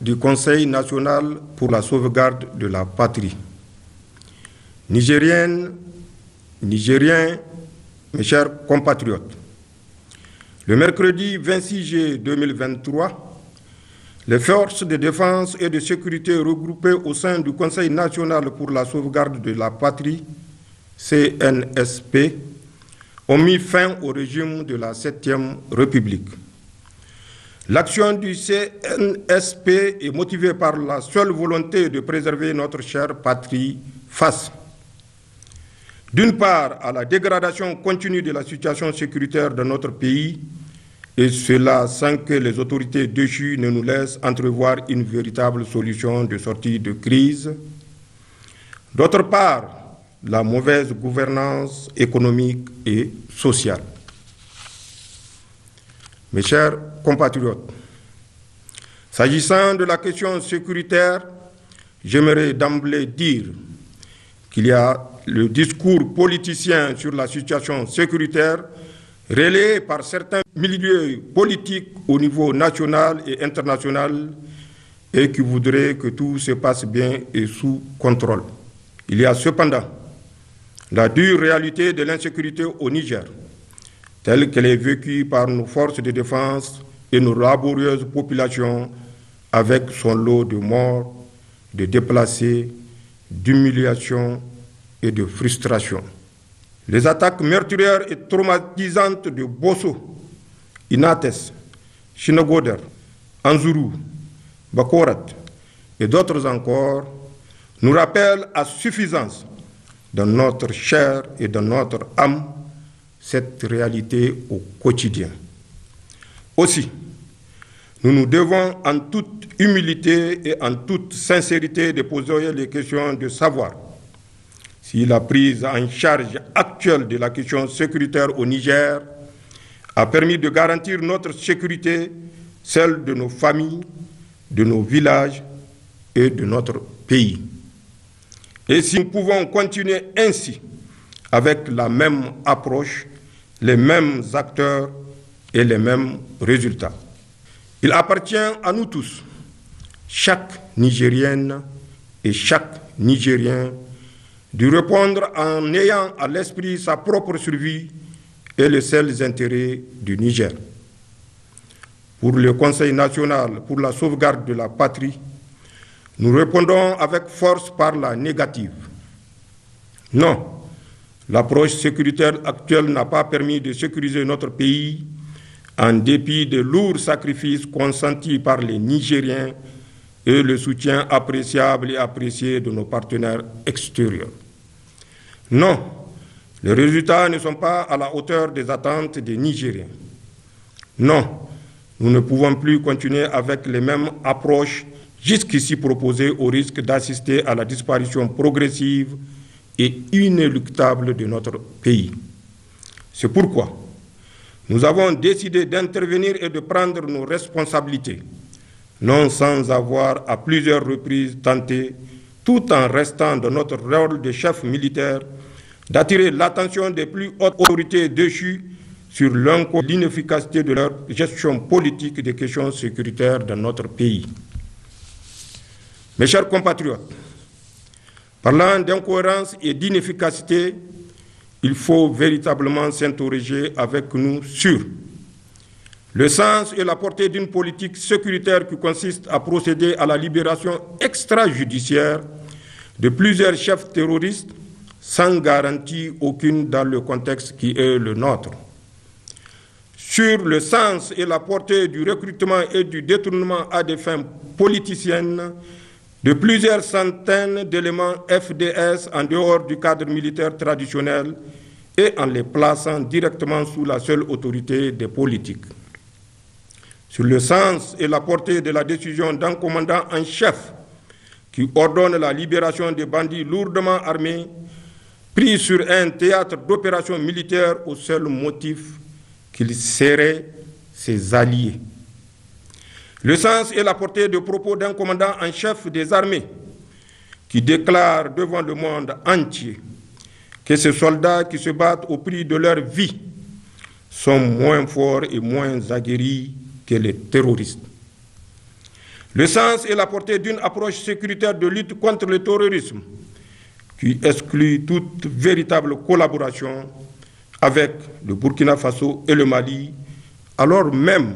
du Conseil national pour la sauvegarde de la patrie. Nigériennes, Nigériens, mes chers compatriotes, le mercredi 26 juillet 2023, les forces de défense et de sécurité regroupées au sein du Conseil national pour la sauvegarde de la patrie, CNSP, ont mis fin au régime de la 7e République. L'action du CNSP est motivée par la seule volonté de préserver notre chère patrie face, d'une part, à la dégradation continue de la situation sécuritaire de notre pays, et cela sans que les autorités déchues ne nous laissent entrevoir une véritable solution de sortie de crise. D'autre part, la mauvaise gouvernance économique et sociale. Mes chers compatriotes, s'agissant de la question sécuritaire, j'aimerais d'emblée dire qu'il y a le discours politicien sur la situation sécuritaire relayé par certains milieux politiques au niveau national et international et qui voudraient que tout se passe bien et sous contrôle. Il y a cependant la dure réalité de l'insécurité au Niger telle qu'elle est vécue par nos forces de défense et nos laborieuses populations avec son lot de morts, de déplacés, d'humiliation et de frustration. Les attaques meurtrières et traumatisantes de Bosso, Inates, Chinagoder, Anzuru, Bakorat et d'autres encore nous rappellent à suffisance dans notre chair et dans notre âme cette réalité au quotidien. Aussi, nous nous devons en toute humilité et en toute sincérité de poser les questions de savoir si la prise en charge actuelle de la question sécuritaire au Niger a permis de garantir notre sécurité, celle de nos familles, de nos villages et de notre pays. Et si nous pouvons continuer ainsi, avec la même approche, les mêmes acteurs et les mêmes résultats. Il appartient à nous tous, chaque Nigérienne et chaque Nigérien, de répondre en ayant à l'esprit sa propre survie et les seuls intérêts du Niger. Pour le Conseil national pour la sauvegarde de la patrie, nous répondons avec force par la négative. Non, L'approche sécuritaire actuelle n'a pas permis de sécuriser notre pays en dépit des lourds sacrifices consentis par les Nigériens et le soutien appréciable et apprécié de nos partenaires extérieurs. Non, les résultats ne sont pas à la hauteur des attentes des Nigériens. Non, nous ne pouvons plus continuer avec les mêmes approches jusqu'ici proposées au risque d'assister à la disparition progressive et inéluctable de notre pays. C'est pourquoi nous avons décidé d'intervenir et de prendre nos responsabilités, non sans avoir à plusieurs reprises tenté, tout en restant dans notre rôle de chef militaire, d'attirer l'attention des plus hautes autorités déchues sur l'inefficacité de leur gestion politique des questions sécuritaires dans notre pays. Mes chers compatriotes, Parlant d'incohérence et d'inefficacité, il faut véritablement s'interroger avec nous sur le sens et la portée d'une politique sécuritaire qui consiste à procéder à la libération extrajudiciaire de plusieurs chefs terroristes sans garantie aucune dans le contexte qui est le nôtre. Sur le sens et la portée du recrutement et du détournement à des fins politiciennes de plusieurs centaines d'éléments FDS en dehors du cadre militaire traditionnel et en les plaçant directement sous la seule autorité des politiques. Sur le sens et la portée de la décision d'un commandant en chef qui ordonne la libération des bandits lourdement armés, pris sur un théâtre d'opération militaire au seul motif qu'ils seraient ses alliés. Le sens et la portée de propos d'un commandant en chef des armées qui déclare devant le monde entier que ces soldats qui se battent au prix de leur vie sont moins forts et moins aguerris que les terroristes. Le sens et la portée d'une approche sécuritaire de lutte contre le terrorisme qui exclut toute véritable collaboration avec le Burkina Faso et le Mali, alors même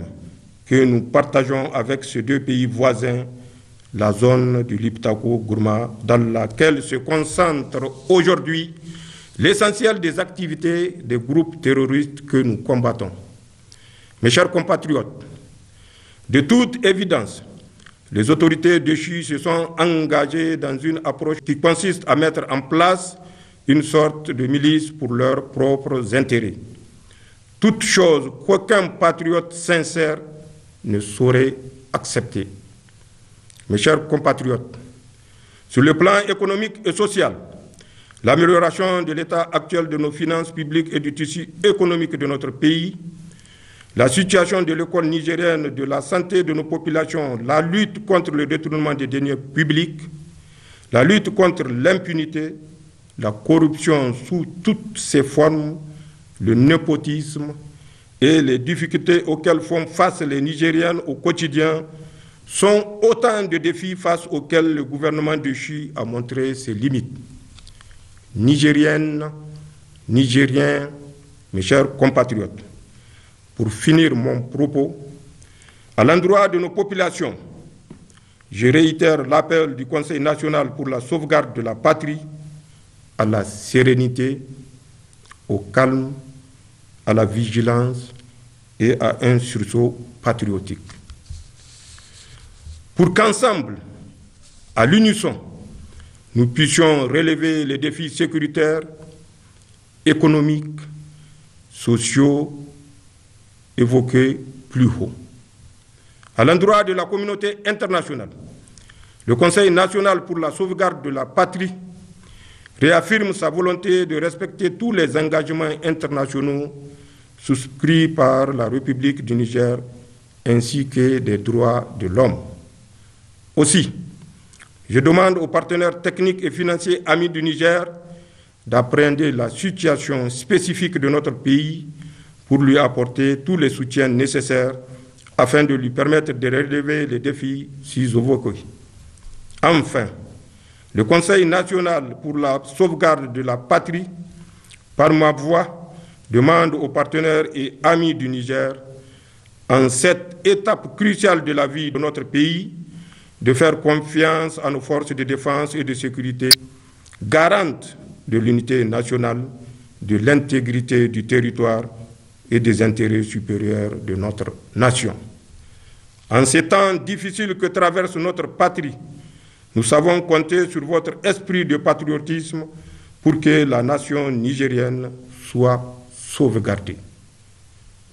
que nous partageons avec ces deux pays voisins, la zone du Liptako-Gourma, dans laquelle se concentre aujourd'hui l'essentiel des activités des groupes terroristes que nous combattons. Mes chers compatriotes, de toute évidence, les autorités de Chi se sont engagées dans une approche qui consiste à mettre en place une sorte de milice pour leurs propres intérêts. Toute chose qu'aucun patriote sincère ne saurait accepter. Mes chers compatriotes, sur le plan économique et social, l'amélioration de l'état actuel de nos finances publiques et du tissu économique de notre pays, la situation de l'école nigérienne, de la santé de nos populations, la lutte contre le détournement des deniers publics, la lutte contre l'impunité, la corruption sous toutes ses formes, le népotisme, et les difficultés auxquelles font face les Nigériens au quotidien sont autant de défis face auxquels le gouvernement de Chi a montré ses limites. Nigériennes, Nigériens, mes chers compatriotes, pour finir mon propos, à l'endroit de nos populations, je réitère l'appel du Conseil national pour la sauvegarde de la patrie à la sérénité, au calme à la vigilance et à un sursaut patriotique. Pour qu'ensemble, à l'unisson, nous puissions relever les défis sécuritaires, économiques, sociaux évoqués plus haut. À l'endroit de la communauté internationale, le Conseil national pour la sauvegarde de la patrie réaffirme sa volonté de respecter tous les engagements internationaux souscrits par la République du Niger ainsi que des droits de l'homme. Aussi, je demande aux partenaires techniques et financiers amis du Niger d'appréhender la situation spécifique de notre pays pour lui apporter tous les soutiens nécessaires afin de lui permettre de relever les défis si Enfin, le Conseil national pour la sauvegarde de la patrie, par ma voix, demande aux partenaires et amis du Niger, en cette étape cruciale de la vie de notre pays, de faire confiance à nos forces de défense et de sécurité, garantes de l'unité nationale, de l'intégrité du territoire et des intérêts supérieurs de notre nation. En ces temps difficiles que traverse notre patrie, nous savons compter sur votre esprit de patriotisme pour que la nation nigérienne soit sauvegardée.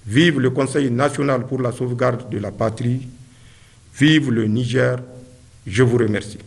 Vive le Conseil national pour la sauvegarde de la patrie. Vive le Niger. Je vous remercie.